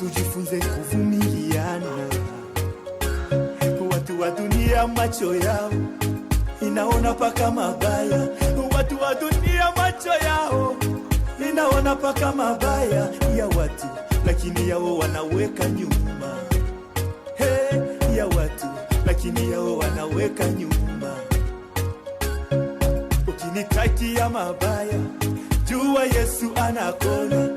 Tujifunze kuvumiliana. Watu wa dunia macho yao inaona paka mabaya, watu wa dunia macho yao inaona paka mabaya ya watu, lakini yao wanaweka nyuma. Hey, ya watu lakini yao wanaweka nyuma. Ukinitakia mabaya, jua Yesu anakona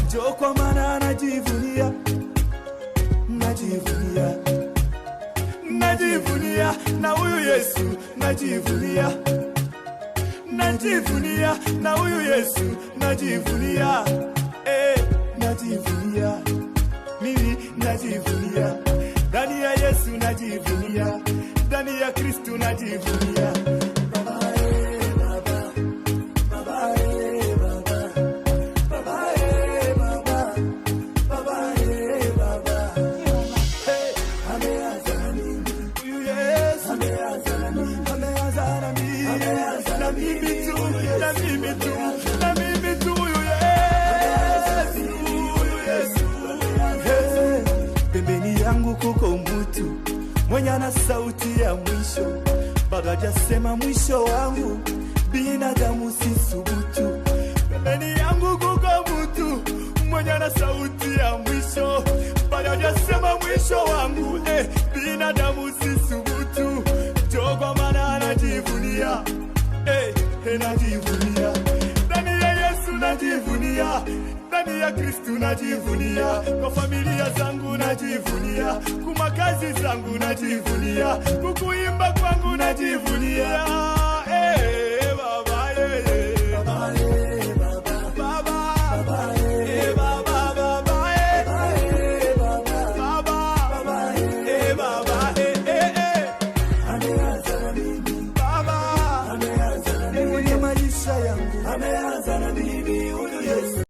Njo kwa maana najivunia, najivunia, najivunia na huyu Yesu, najivunia, najivunia na huyu Yesu, najivunia, eh, najivunia mimi, najivunia ndani ya Yesu, najivunia ndani ya Kristu, najivunia na Hey, pembeni yangu kuko sauti ya mwisho, bagajasema mwisho wangu, binadamu sisubutu. Pembeni yangu kuko sauti ya mwisho, mwisho wangu, eh, binadamu sisubutu. mana anajivunia, eh, najivunia ndani ya Kristu, najivunia kwa familia zangu, najivunia kumakazi zangu, najivunia kukuimba kwangu, najivunia